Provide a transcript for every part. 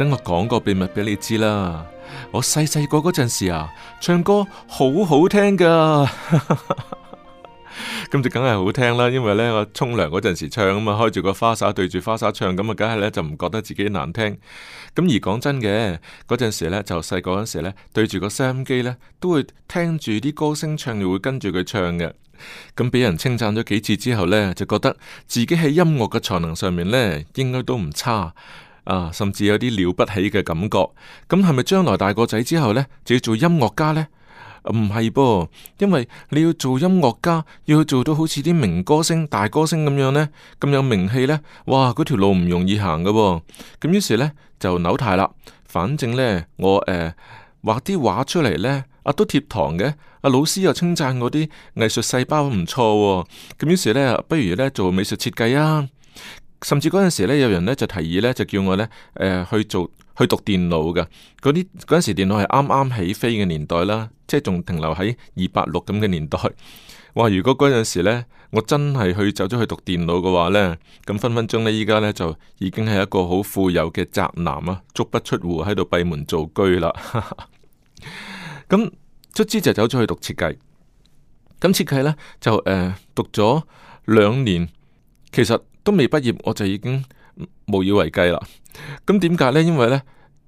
等我講個秘密俾你知啦！我細細個嗰陣時啊，唱歌好好聽噶，咁 就梗係好聽啦。因為呢，我沖涼嗰陣時唱啊嘛，開住個花灑對住花灑唱，咁啊，梗係呢，就唔覺得自己難聽。咁而講真嘅，嗰陣時呢，就細個嗰陣時呢，對住個收音機呢，都會聽住啲歌聲唱，又會跟住佢唱嘅。咁俾人稱讚咗幾次之後呢，就覺得自己喺音樂嘅才能上面呢，應該都唔差。啊、甚至有啲了不起嘅感覺，咁係咪將來大個仔之後呢，就要做音樂家呢？唔係噃，因為你要做音樂家，要去做到好似啲名歌星、大歌星咁樣呢，咁有名氣呢，哇，嗰條路唔容易行噶、哦。咁於是呢，就扭態啦，反正呢，我誒、呃、畫啲畫出嚟呢，阿、啊、都貼堂嘅，阿、啊、老師又稱讚我啲藝術細胞唔錯、哦。咁於是呢，不如呢，做美術設計啊。甚至嗰陣時咧，有人咧就提議咧，就叫我咧，誒去做去讀電腦嘅嗰啲，嗰陣時，電腦係啱啱起飛嘅年代啦，即係仲停留喺二八六咁嘅年代。哇！如果嗰陣時咧，我真係去走咗去讀電腦嘅話咧，咁分分鐘咧，依家咧就已經係一個好富有嘅宅男啊，足不出戶喺度閉門造車啦。咁卒之就走咗去讀設計，咁設計咧就誒、呃、讀咗兩年，其實。都未畢業，我就已經無以為繼啦。咁點解咧？因為咧，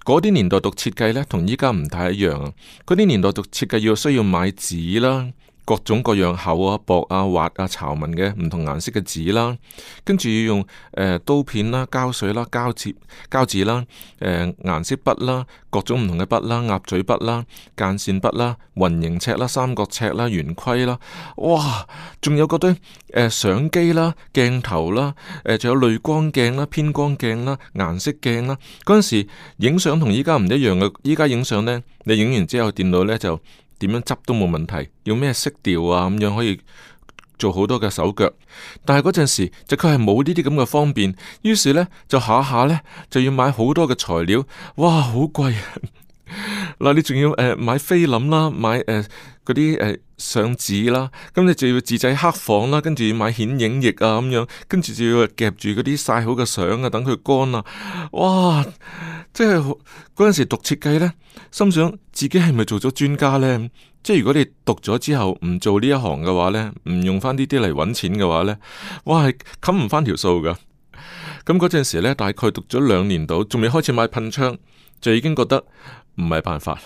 嗰啲年代讀設計咧，同依家唔太一樣啊。嗰啲年代讀設計要需要買紙啦。各種各樣厚啊、薄啊、滑啊、巢紋嘅唔同顏色嘅紙啦，跟住要用誒、呃、刀片啦、膠水啦、膠紙膠紙啦、誒、呃、顏色筆啦、各種唔同嘅筆啦、鴨嘴筆啦、間線筆啦、雲形尺啦、三角尺啦、圓規啦，哇！仲有嗰堆、呃、相機啦、鏡頭啦、仲、呃、有濾光鏡啦、偏光鏡啦、顏色鏡啦。嗰陣時影相同依家唔一樣嘅，依家影相呢，你影完之後電腦呢就。點樣執都冇問題，用咩色調啊，咁樣可以做好多嘅手腳，但係嗰陣時就佢係冇呢啲咁嘅方便，於是呢，就下下呢，就要買好多嘅材料，哇，好貴啊！嗱，你仲要誒、呃、買菲林啦，買誒嗰啲誒相紙啦，咁你就要自製黑房啦，跟住買顯影液啊咁樣，跟住就要夾住嗰啲曬好嘅相啊，等佢乾啊，哇！即係嗰陣時讀設計呢，心想自己係咪做咗專家呢？即係如果你讀咗之後唔做呢一行嘅話呢，唔用翻呢啲嚟揾錢嘅話呢，哇係冚唔翻條數噶。咁嗰陣時呢，大概讀咗兩年度，仲未開始買噴槍，就已經覺得。唔係辦法，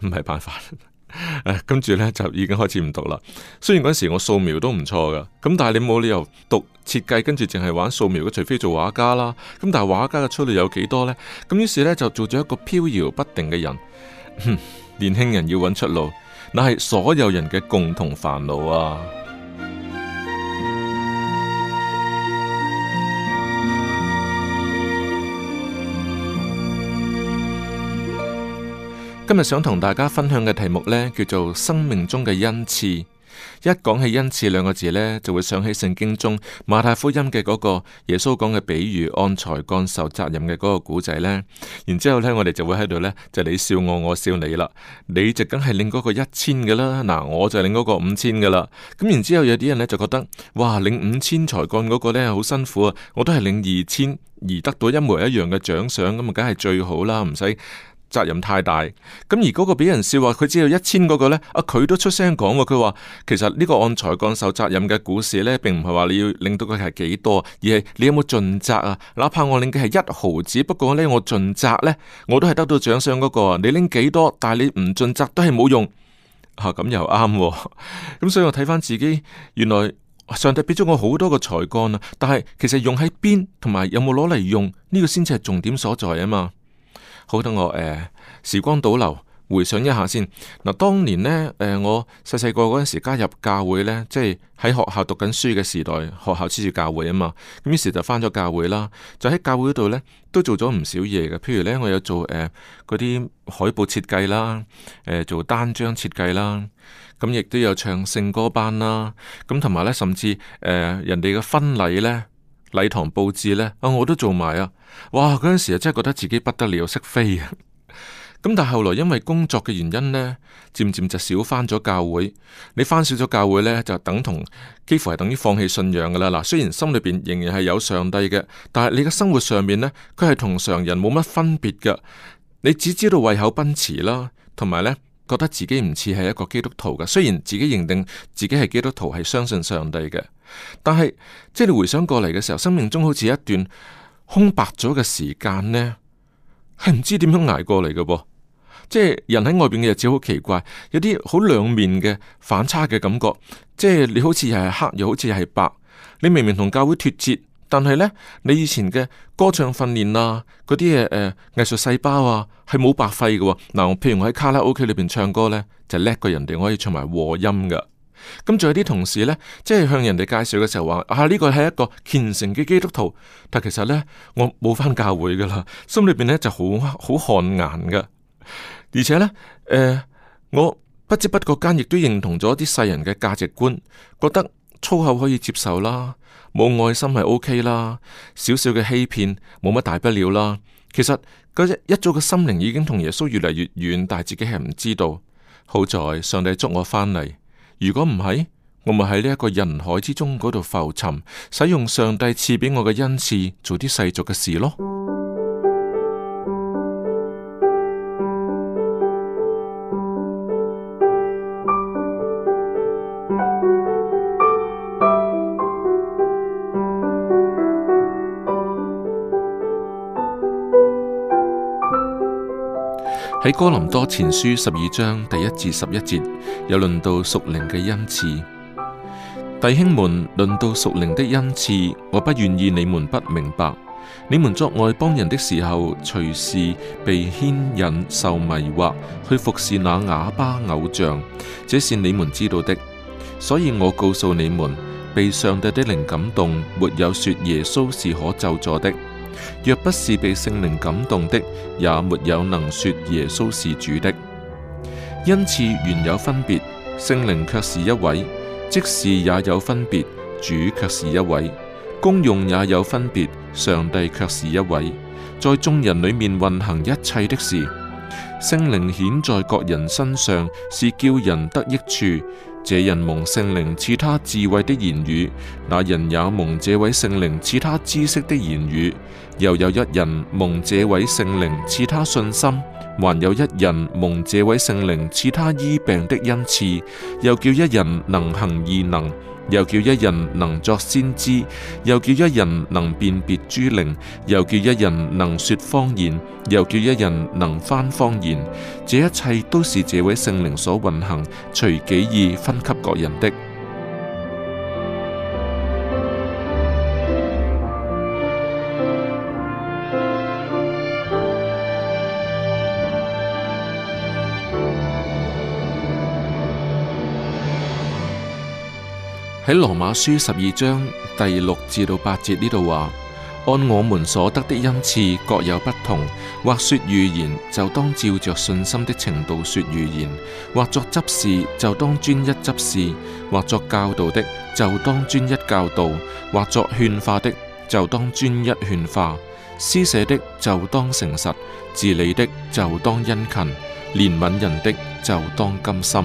唔係辦法。 跟住呢，就已經開始唔讀啦。雖然嗰時我素描都唔錯噶，咁但係你冇理由讀設計，跟住淨係玩素描嘅，除非做畫家啦。咁但係畫家嘅出路有幾多呢？咁於是呢，就做咗一個飄搖不定嘅人。 年輕人要搵出路，那係所有人嘅共同煩惱啊！今日想同大家分享嘅題目呢，叫做生命中嘅恩賜。一講起恩賜兩個字呢，就會想起聖經中馬太福音嘅嗰個耶穌講嘅比喻按才幹受責任嘅嗰個古仔呢。然之後呢，我哋就會喺度呢，就你笑我，我笑你啦。你直梗係領嗰個一千嘅啦，嗱，我就領嗰個五千嘅啦。咁然之後有啲人呢，就覺得，哇，領五千才幹嗰個呢，好辛苦啊，我都係領二千而得到一模一樣嘅獎賞，咁啊，梗係最好啦，唔使。責任太大，咁而嗰個俾人笑話佢只有一千嗰個呢，阿、啊、佢都出聲講喎，佢話其實呢個按才幹受責任嘅故事呢，並唔係話你要領到佢係幾多，而係你有冇盡責啊？哪怕我領嘅係一毫子，不過呢，我盡責呢，我都係得到獎賞嗰個。你拎幾多，但係你唔盡責都係冇用。吓、啊、咁又啱、啊，咁、 啊、所以我睇翻自己，原來上帝畀咗我好多個才幹啊，但係其實用喺邊同埋有冇攞嚟用呢、呢個先至係重點所在啊嘛。好，等我誒、呃、時光倒流回想一下先。嗱、啊，當年呢，誒、呃，我細細個嗰陣時加入教會呢，即係喺學校讀緊書嘅時代，學校支住教會啊嘛。咁於是就返咗教會啦，就喺教會嗰度呢，都做咗唔少嘢嘅。譬如呢，我有做誒嗰啲海報設計啦，誒、呃、做單張設計啦，咁、嗯、亦都有唱聖歌班啦，咁同埋呢，甚至誒、呃、人哋嘅婚禮呢。禮堂布置呢，啊、哦，我都做埋啊！哇，嗰陣時真係覺得自己不得了，識飛啊！咁 但係後來因為工作嘅原因呢，漸漸就少返咗教會。你返少咗教會呢，就等同幾乎係等於放棄信仰噶啦。嗱，雖然心裏邊仍然係有上帝嘅，但係你嘅生活上面呢，佢係同常人冇乜分別噶。你只知道胃口奔馳啦，同埋呢。覺得自己唔似係一個基督徒嘅，雖然自己認定自己係基督徒，係相信上帝嘅，但係即係你回想過嚟嘅時候，生命中好似一段空白咗嘅時間呢，係唔知點樣捱過嚟嘅噃。即係人喺外邊嘅日子好奇怪，有啲好兩面嘅反差嘅感覺，即係你好似又係黑，又好似係白，你明明同教會脫節。但係呢，你以前嘅歌唱訓練啊，嗰啲嘢誒，藝術細胞啊，係冇白費嘅，啊。嗱，呃，譬如我喺卡拉 OK 裏邊唱歌呢，就叻過人哋，可以唱埋和音噶。咁，嗯，仲有啲同事呢，即係向人哋介紹嘅時候話，啊呢個係一個虔誠嘅基督徒，但其實呢，我冇翻教會噶啦，心裏邊呢就好好汗顏噶。而且呢，誒，呃，我不知不覺間亦都認同咗啲世人嘅價值觀，覺得。粗口可以接受啦，冇愛心係 OK 啦，少少嘅欺騙冇乜大不了啦。其實嗰一早嘅心靈已經同耶穌越嚟越遠，但係自己係唔知道。好在上帝捉我返嚟，如果唔係，我咪喺呢一個人海之中嗰度浮沉，使用上帝賜俾我嘅恩賜做啲世俗嘅事咯。喺哥林多前書十二章第一至十一節，又論到屬靈嘅恩賜。弟兄們，論到屬靈的恩賜，我不願意你們不明白。你們作外邦人的時候，隨時被牽引、受迷惑，去服侍那啞巴偶像，這是你們知道的。所以我告訴你們，被上帝的靈感動，沒有說耶穌是可咒詛的。若不是被聖靈感動的，也沒有能說耶穌是主的。因此原有分別，聖靈卻是一位；即是也有分別，主卻是一位；功用也有分別，上帝卻是一位，在眾人裏面運行一切的事。聖靈顯在各人身上，是叫人得益處。這人蒙聖靈賜他智慧的言語，那人也蒙這位聖靈賜他知識的言語，又有一人蒙這位聖靈賜他信心，還有一人蒙這位聖靈賜他醫病的恩賜，又叫一人能行異能。又叫一人能作先知，又叫一人能辨別諸靈，又叫一人能說方言，又叫一人能翻方言，這一切都是這位聖靈所運行，隨己意分給各人的。喺羅馬書十二章第六至到八節呢度話，按我們所得的恩賜各有不同，或說預言就當照着信心的程度說預言，或作執事就當專一執事，或作教導的就當專一教導，或作勸化的就當專一勸化，施捨的就當誠實，治理的就當殷勤，憐憫人的就當甘心。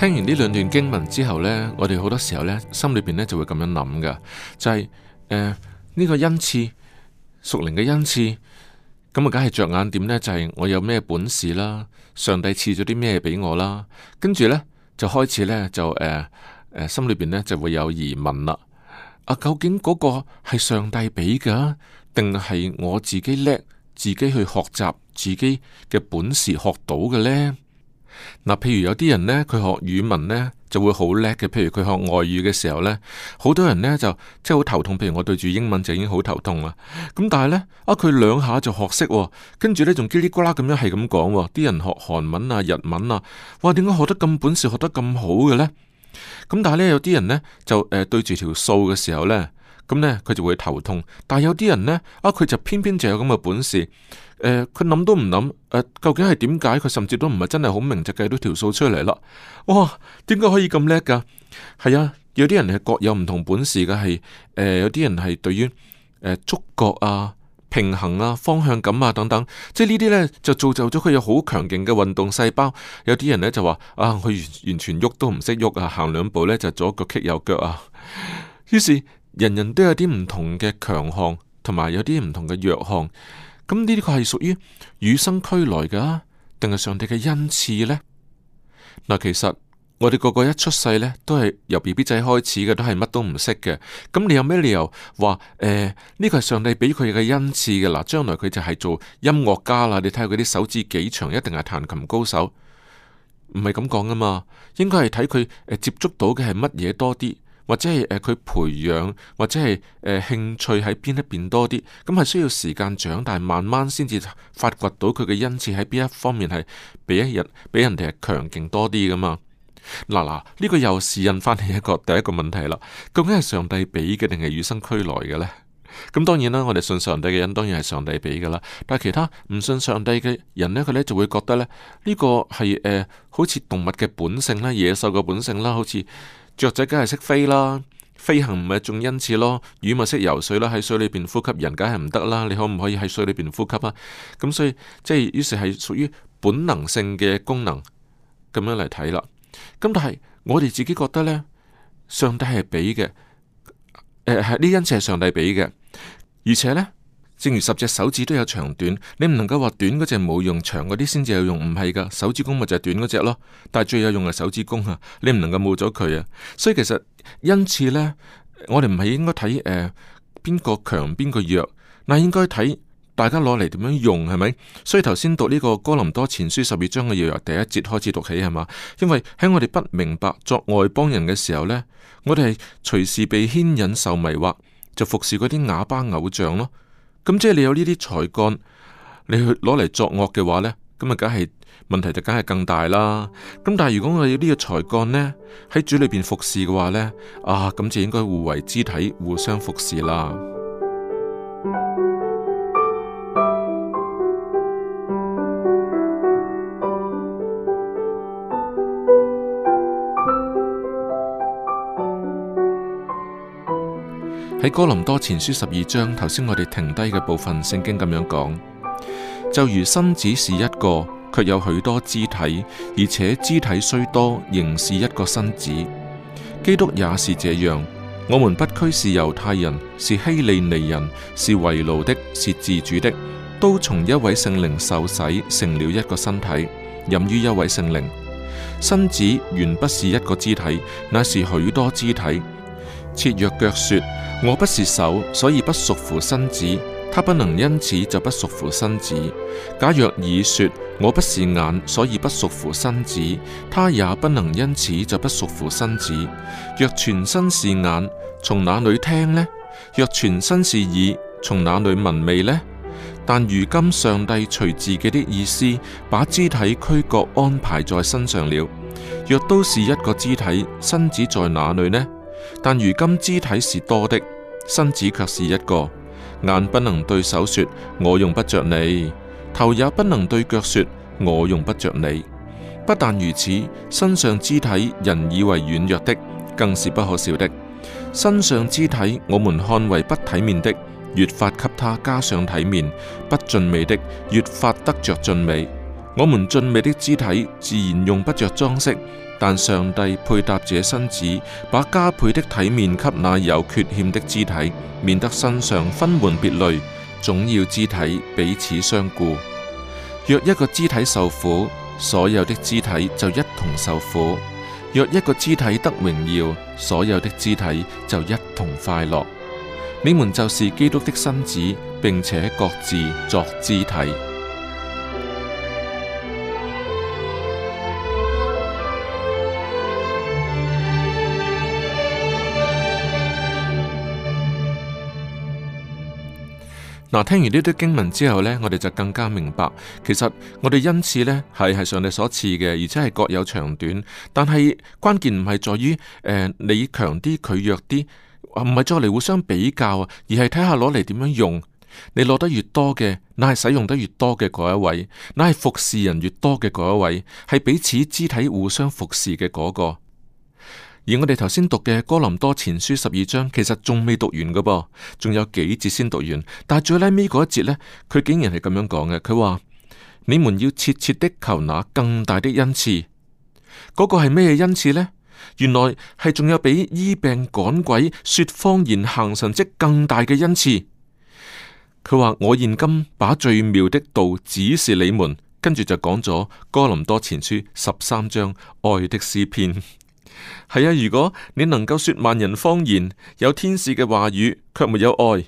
聽完呢兩段經文之後呢，我哋好多時候呢，心裏邊呢就會咁樣諗噶，就係誒呢個恩賜，屬靈嘅恩賜，咁啊，梗係着眼點呢，就係我有咩本事啦，上帝賜咗啲咩俾我啦，跟住呢，就開始呢，就誒誒心裏邊呢就會有疑問啦，啊，究竟嗰個係上帝俾噶，定係我自己叻，自己去學習自己嘅本事學到嘅呢？嗱、啊，譬如有啲人呢，佢學語文呢就會好叻嘅。譬如佢學外語嘅時候呢，好多人呢就即係好頭痛。譬如我對住英文就已經好頭痛啦。咁但係呢，啊佢兩下就學識，哦，跟住呢，仲嘰哩呱啦咁樣係咁講。啲人學韓文啊、日文啊，哇，點解學得咁本事，學得咁好嘅呢？咁但係呢，有啲人呢就誒、呃、對住條數嘅時候呢，咁、嗯、呢，佢就會頭痛。但係有啲人呢，啊佢就偏偏就有咁嘅本事。佢諗、呃、都唔諗、呃、究竟係點解？佢甚至都唔係真係好明就計到條數出嚟啦。哇，點解可以咁叻噶？係啊，有啲人係各有唔同本事嘅，係、呃、有啲人係對於誒觸覺啊、平衡啊、方向感啊等等，即係呢啲呢，就造就咗佢有好強勁嘅運動細胞。有啲人呢就話啊，佢完全喐都唔識喐啊，行兩步呢就左腳棘右腳啊。於是人人都有啲唔同嘅強項，同埋有啲唔同嘅弱項。咁呢啲佢係屬於與生俱來嘅啊，定係上帝嘅恩賜呢？嗱，其實我哋個個一出世呢，都係由 BB 仔開始嘅，都係乜都唔識嘅。咁你有咩理由話誒呢個係上帝俾佢嘅恩賜嘅？嗱，將來佢就係做音樂家啦。你睇下佢啲手指幾長，一定係彈琴高手。唔係咁講啊嘛，應該係睇佢接觸到嘅係乜嘢多啲。或者係誒佢培養或者係誒、呃、興趣喺邊一邊多啲，咁係需要時間長大，慢慢先至發掘到佢嘅恩賜喺邊一方面係比一日比人哋係強勁多啲噶嘛嗱，嗱呢個又是引翻起一個第一個問題啦，究竟係上帝俾嘅定係與生俱來嘅呢？咁當然啦，我哋信上帝嘅人當然係上帝俾噶啦，但係其他唔信上帝嘅人呢，佢咧就會覺得咧呢個係誒、呃、好似動物嘅本性啦、野獸嘅本性啦，好似。雀仔梗係識飛啦，飛行唔係一種恩賜咯。魚咪識游水啦，喺水裏邊呼吸，人梗係唔得啦。你可唔可以喺水裏邊呼吸啊？咁所以即係於是係屬於本能性嘅功能咁樣嚟睇啦。咁但係我哋自己覺得呢，上帝係俾嘅，誒係呢恩賜係上帝俾嘅，而且呢。正如十隻手指都有長短，你唔能夠話短嗰隻冇用，長嗰啲先至有用，唔係噶。手指公咪就係短嗰隻咯。但係最有用係手指公啊，你唔能夠冇咗佢啊。所以其實因此呢，我哋唔係應該睇誒邊個強邊個弱，嗱，應該睇大家攞嚟點樣用係咪？所以頭先讀呢個哥林多前書十二章嘅嘢，由第一節開始讀起係嘛？因為喺我哋不明白作外邦人嘅時候呢，我哋係隨時被牽引受迷惑，就服侍嗰啲啞巴偶像咯。咁即係你有呢啲才幹，你去攞嚟作惡嘅話呢，咁啊梗係問題就梗係更大啦。咁但係如果我有呢個才幹呢，喺主裏邊服侍嘅話呢，啊咁就應該互為肢體，互相服侍啦。喺哥林多前書十二章，頭先我哋停低嘅部分，聖經咁樣講，就如身子是一個，卻有許多肢體，而且肢體雖多，仍是一個身子。基督也是這樣，我們不拘是猶太人，是希利尼人，是為奴的，是自主的，都從一位聖靈受洗，成了一個身體，飲於一位聖靈。身子原不是一個肢體，乃是許多肢體。設若腳說我不是手，所以不屬乎身子，他不能因此就不屬乎身子。假若耳說我不是眼，所以不屬乎身子，他也不能因此就不屬乎身子。若全身是眼，從哪裏聽呢？若全身是耳，從哪裏聞味呢？但如今上帝隨自己的意思，把肢體俱各安排在身上了。若都是一個肢體，身子在哪裏呢？但如今肢體是多的，身子卻是一個，眼不能對手說我用不着你，頭也不能對腳說我用不着你。不但如此，身上肢體人以為軟弱的，更是不可少的；身上肢體我們看為不體面的，越發給它加上體面，不俊美的越發得着俊美。我們俊美的肢體自然用不着裝飾。但上帝配搭這身子，把加倍的體面給那有缺陷的肢體，免得身上分門別類。總要肢體彼此相顧，若一個肢體受苦，所有的肢體就一同受苦；若一個肢體得榮耀，所有的肢體就一同快樂。你們就是基督的身子，並且各自作肢體。嗱，聽完呢啲經文之後呢，我哋就更加明白，其實我哋恩賜呢係係上帝所賜嘅，而且係各有長短。但係關鍵唔係在於誒、呃、你強啲佢弱啲，唔係再嚟，互相比較啊，而係睇下攞嚟點樣用。你攞得越多嘅，乃係使用得越多嘅嗰一位，乃係服侍人越多嘅嗰一位，係彼此肢體互相服侍嘅嗰、那個。而我哋頭先讀嘅哥林多前書十二章，其實仲未讀完嘅噃，仲有幾節先讀完。但係最 last 嗰一節呢，佢竟然係咁樣講嘅。佢話：你們要切切的求那更大的恩賜。嗰、嗰個係咩恩賜呢？原來係仲有比醫病趕鬼說方言行神蹟更大嘅恩賜。佢話：我現今把最妙的道指示你們，跟住就講咗哥林多前書十三章愛的詩篇。係啊，如果你能夠說萬人方言，有天使嘅話語，卻沒有愛，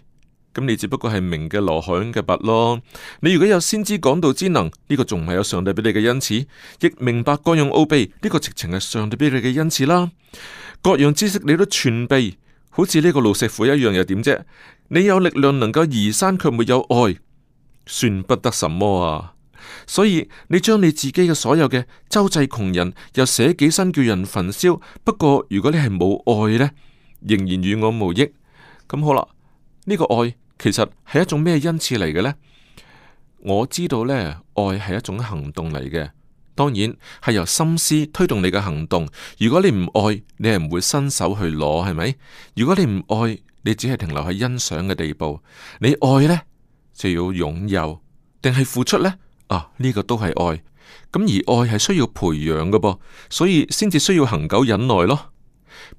咁你只不過係鳴嘅鑼響嘅鈸咯。你如果有先知講道之能，呢個仲唔係有上帝畀你嘅恩賜？亦明白各樣奧秘，呢個直情係上帝畀你嘅恩賜啦。各樣知識你都全備，好似呢個老石斧一樣又點啫？你有力量能夠移山，卻沒有愛，算不得什麼啊！所以你將你自己嘅所有嘅周濟窮人，又捨己身叫人焚燒。不過如果你係冇愛呢，仍然與我無益。咁好啦，呢個愛其實係一種咩恩賜嚟嘅呢？我知道呢愛係一種行動嚟嘅，當然係由心思推動你嘅行動。如果你唔愛，你係唔會伸手去攞，係咪？如果你唔愛，你只係停留喺欣賞嘅地步。你愛呢，就要擁有，定係付出呢？呢、啊，呢個都係愛，咁而愛係需要培養噶噃，所以先至需要恒久忍耐咯。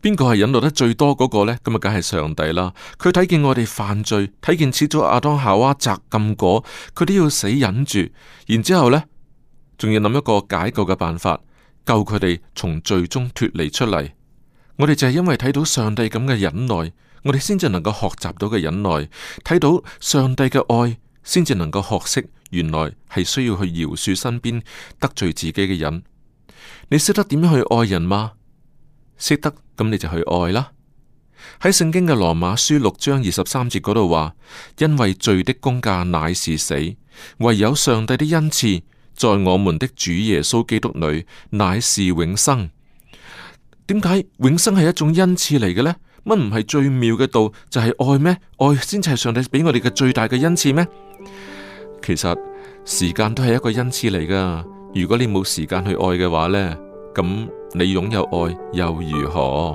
邊個係忍耐得最多嗰個呢？咁啊，梗係上帝啦。佢睇見我哋犯罪，睇見始祖亞當夏娃摘禁果，佢都要死忍住，然之後咧，仲要諗一個解救嘅辦法，救佢哋從罪中脫離出嚟。我哋就係因為睇到上帝咁嘅忍耐，我哋先至能夠學習到嘅忍耐，睇到上帝嘅愛，先至能夠學識。原來係需要去饒恕身邊得罪自己嘅人，你識得點樣去愛人嗎？識得咁你就去愛啦。喺聖經嘅羅馬書六章二十三節嗰度話：因為罪的公價乃是死，唯有上帝的恩賜在我們的主耶穌基督裏乃是永生。點解永生係一種恩賜嚟嘅呢？乜唔係最妙嘅道就係愛咩？愛先係上帝俾我哋嘅最大嘅恩賜咩？其實時間都係一個恩賜嚟㗎。如果你冇時間去愛嘅話呢，咁你擁有愛又如何？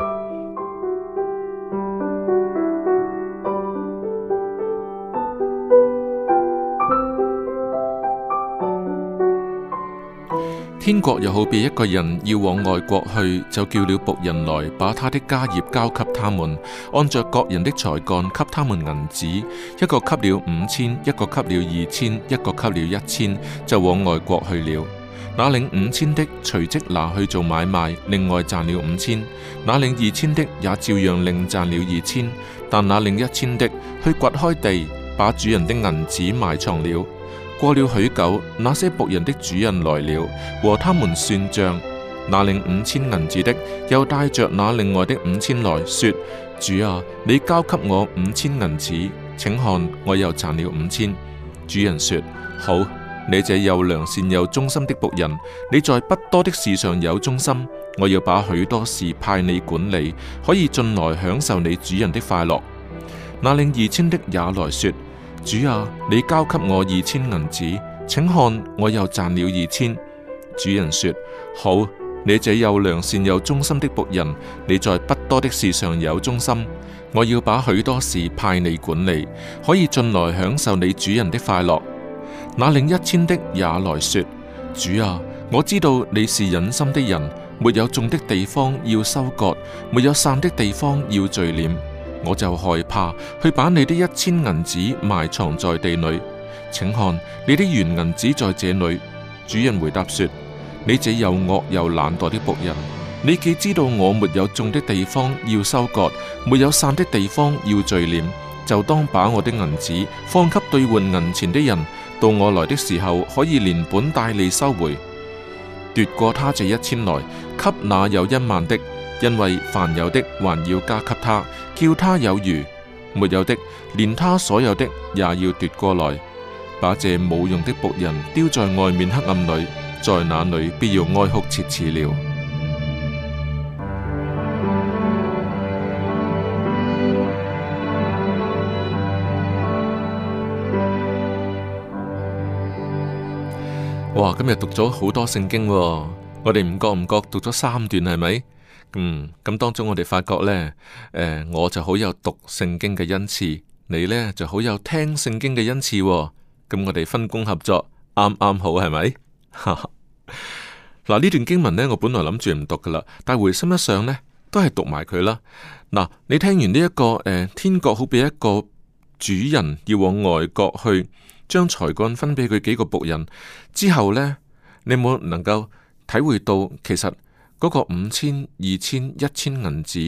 天國又好比一個人要往外國去，就叫了僕人來，把他的家業交給他們，按着各人的才幹給他們銀子，一個給了五千，一個給了二千，一個給了一千，就往外國去了。那領五千的隨即拿去做買賣，另外賺了五千；那領二千的也照樣另賺了二千，但那領一千的去掘開地，把主人的銀子埋藏了。過了許久，那些僕人的主人來了，和他們算賬。那領五千銀子的又帶着那另外的五千來說：主啊，你交給我五千銀子，請看我又賺了五千。主人說：好，你這又良善又忠心的僕人，你在不多的事上有忠心，我要把許多事派你管理，可以進來享受你主人的快樂。那領二千的也來說。主啊，你交給我二千銀子，請看我又賺了二千。主人說：好，你這又良善又忠心的僕人，你在不多的事上有忠心，我要把許多事派你管理，可以進來享受你主人的快樂。那領一千的也來說：主啊，我知道你是忍心的人，沒有種的地方要收割，沒有散的地方要聚斂。我就害怕，去把你的一千銀子埋藏在地裏，請看你的原銀子在這裏。主人回答說：你這又惡又懶惰的僕人，你既知道我沒有種的地方要收割，沒有散的地方要聚斂，就當把我的銀子放給兌換銀錢的人，到我來的時候可以連本帶利收回。奪過他這一千來，給那有一萬的，因為凡有的還要加給他，叫他有餘，沒有的，連他所有的也要奪過來，把這無用的僕人丟在外面黑暗裏，在那裏必要哀哭切齒了。哇！今日讀咗好多聖經喎，我哋唔覺唔覺讀咗三段，係咪？嗯，咁當中我哋發覺呢，誒、呃，我就好有讀聖經嘅恩賜，你呢就好有聽聖經嘅恩賜、哦，咁我哋分工合作，啱啱好係咪？嗱呢 段經文呢，我本來諗住唔讀噶啦，但係回心一想呢，都係讀埋佢啦。嗱，你聽完呢、這、一個誒、呃，天國好比一個主人要往外國去，將才幹分俾佢幾個僕人之後呢，你冇能夠體會到其實？嗰個五千、二千、一千銀子，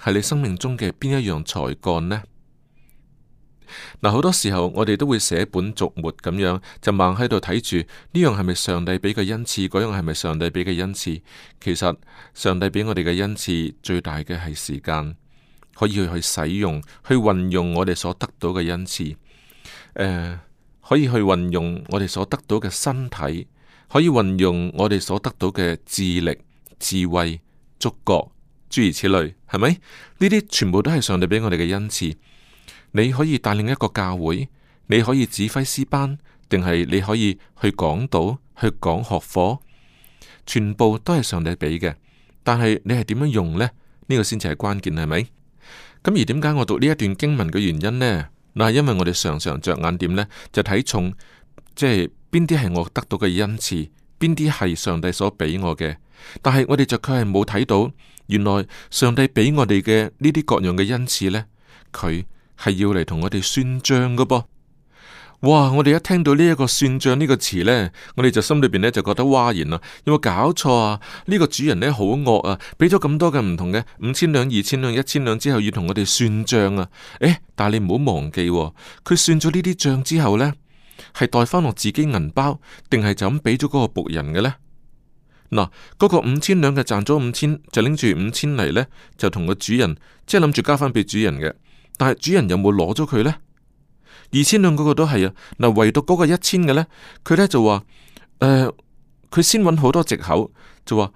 係你生命中嘅邊一樣才幹呢？嗱，好多時候我哋都會寫本逐末咁樣，就盲喺度睇住呢樣係咪上帝畀嘅恩賜，嗰樣係咪上帝畀嘅恩賜？其實上帝畀我哋嘅恩賜最大嘅係時間，可以去使用，去運用我哋所得到嘅恩賜。誒、呃，可以去運用我哋所得到嘅身體，可以運用我哋所得到嘅智力。智慧、觸覺，諸如此類，係咪？呢啲全部都係上帝畀我哋嘅恩賜。你可以帶領一個教會，你可以指揮師班，定係你可以去講道、去講學課，全部都係上帝畀嘅。但係你係點樣用呢？呢個先至係關鍵，係咪？咁而點解我讀呢一段經文嘅原因呢？嗱，因為我哋常常着眼點呢，就睇重即係邊啲係我得到嘅恩賜，邊啲係上帝所畀我嘅。但係我哋就確係冇睇到，原來上帝畀我哋嘅呢啲各樣嘅恩賜呢，佢係要嚟同我哋算賬㗎噃。哇！我哋一聽到呢一個算賬呢個詞呢，我哋就心裏邊呢就覺得嘩然啦，有冇搞錯啊？呢、啊這個主人呢好惡啊，畀咗咁多嘅唔同嘅五千兩、二千兩、一千兩之後，要同我哋算賬啊？誒、欸，但係你唔好忘記，佢算咗呢啲賬之後呢，係袋翻落自己銀包，定係就咁畀咗嗰個僕人嘅呢？嗱，嗰個五千兩嘅賺咗五千，就拎住五千嚟呢，就同個主人即係諗住交翻俾主人嘅。但係主人有冇攞咗佢呢？二千兩嗰個都係啊。嗱，唯獨嗰個一千嘅呢，佢呢就話誒，佢、呃、先揾好多借口就話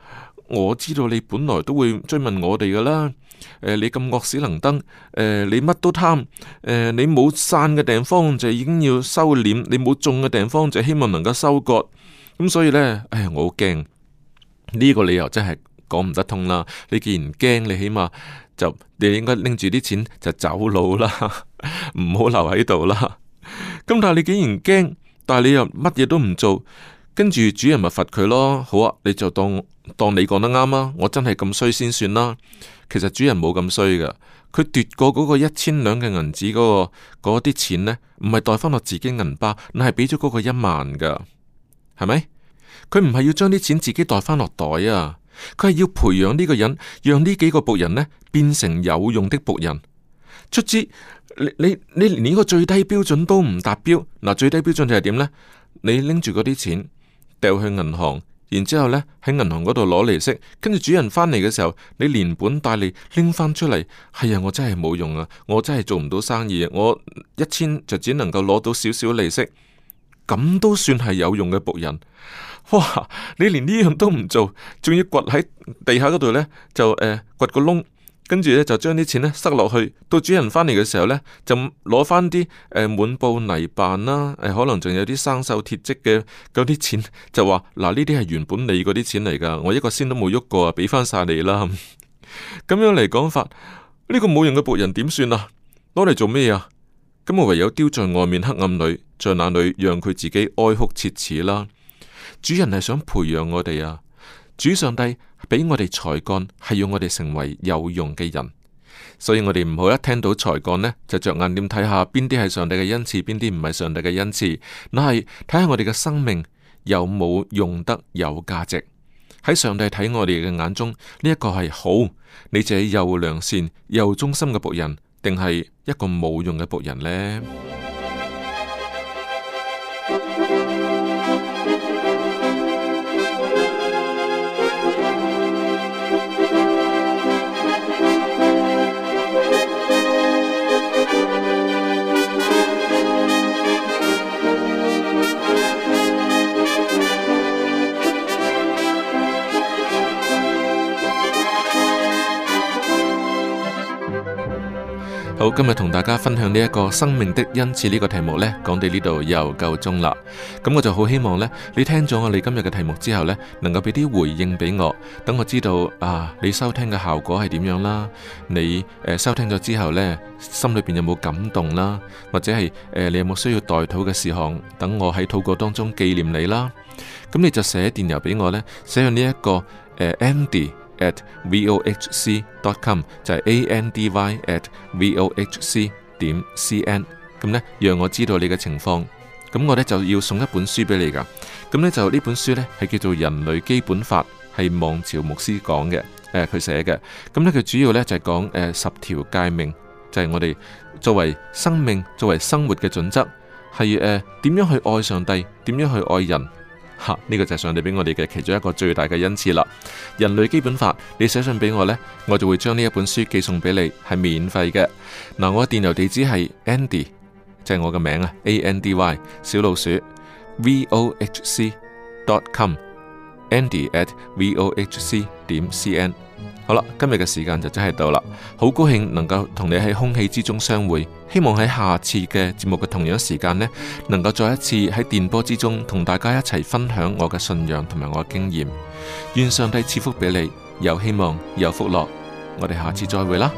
我知道你本來都會追問我哋噶啦。誒、呃，你咁惡死能登，誒、呃，你乜都貪，誒、呃，你冇散嘅地方就已經要收斂，你冇種嘅地方就希望能夠收割咁，所以呢，唉，我好驚。呢個理由真係講唔得通啦！你既然驚，你起碼就你應該拎住啲錢就走佬啦，唔好留喺度啦。咁但係你既然驚，但係你又乜嘢都唔做，跟住主人咪罰佢咯。好啊，你就當當你講得啱啊！我真係咁衰先算啦。其實主人冇咁衰嘅，佢奪過嗰個一千兩嘅銀紙嗰個嗰啲錢呢，唔係袋返落自己銀包，你係畀咗嗰個一萬嘅，係咪？佢唔係要將啲錢自己袋翻落袋啊！佢係要培養呢個人，讓呢幾個僕人呢變成有用的僕人。出資，你你你連個最低標準都唔達標嗱，最低標準就係點呢？你拎住嗰啲錢掉去銀行，然之後咧喺銀行嗰度攞利息，跟住主人翻嚟嘅時候，你連本帶利拎翻出嚟，係、哎、啊，我真係冇用啊，我真係做唔到生意，我一千就只能夠攞到少少利息。咁都算係有用嘅僕人，哇！你連呢樣都唔做，仲要掘喺地下嗰度呢，就誒掘、呃、個窿，跟住呢就將啲錢咧塞落去。到主人返嚟嘅時候呢，就攞翻啲誒滿布泥扮啦，誒、呃、可能仲有啲生鏽鐵迹嘅嗰啲錢，就話嗱，呢啲係原本你嗰啲錢嚟噶，我一個先都冇喐過啊，畀翻晒你啦。咁 樣嚟講法，呢、這個冇用嘅僕人點算啊？攞嚟做咩啊？咁我唯有丟在外面黑暗裏，在那裡讓佢自己哀哭切齒啦。主人係想培養我哋啊，主上帝畀我哋才幹係要我哋成為有用嘅人，所以我哋唔好一聽到才幹呢，就着眼點睇下邊啲係上帝嘅恩賜，邊啲唔係上帝嘅恩賜，乃係睇下我哋嘅生命有冇用得有價值。喺上帝睇我哋嘅眼中呢一，這個係好，你就係又良善又忠心嘅僕人。定係一個冇用嘅僕人呢？好，今日同大家分享呢、這、一個生命的恩賜呢、這個題目呢，講到呢度又夠鐘啦。咁我就好希望呢，你聽咗我哋今日嘅題目之後呢，能夠俾啲回應俾我，等我知道啊，你收聽嘅效果係點樣啦。你誒、呃、收聽咗之後呢，心裏邊有冇感動啦？或者係誒、呃、你有冇需要代禱嘅事項，等我喺禱告當中紀念你啦。咁你就寫電郵俾我呢，寫上呢一個誒、呃、Andy at vohc.com 就係 andy at vohc 點 cn 咁咧，讓我知道你嘅情況，咁我咧就要送一本書俾你噶，咁咧就呢本書咧係叫做《人類基本法》，係望朝牧師講嘅，誒佢寫嘅，咁咧佢主要咧就係講誒十條誡命，就係我哋作為生命、作為生活嘅準則，係誒點樣去愛上帝，點樣去愛人。呢、啊呢個就係上帝俾我哋嘅其中一個最大嘅恩賜啦。人類基本法，你寫信俾我呢，我就會將呢一本書寄送俾你，係免費嘅。嗱、啊，我電郵地址係 Andy，就係我嘅名啊，A N D Y 小老鼠 V O H C dot com，Andy at V O H C 點 C N。好啦，今日嘅時間就真係到啦，好高興能夠同你喺空氣之中相會，希望喺下次嘅節目嘅同樣時間呢，能夠再一次喺電波之中同大家一齊分享我嘅信仰同埋我嘅經驗，願上帝賜福俾你，有希望有福樂，我哋下次再會啦。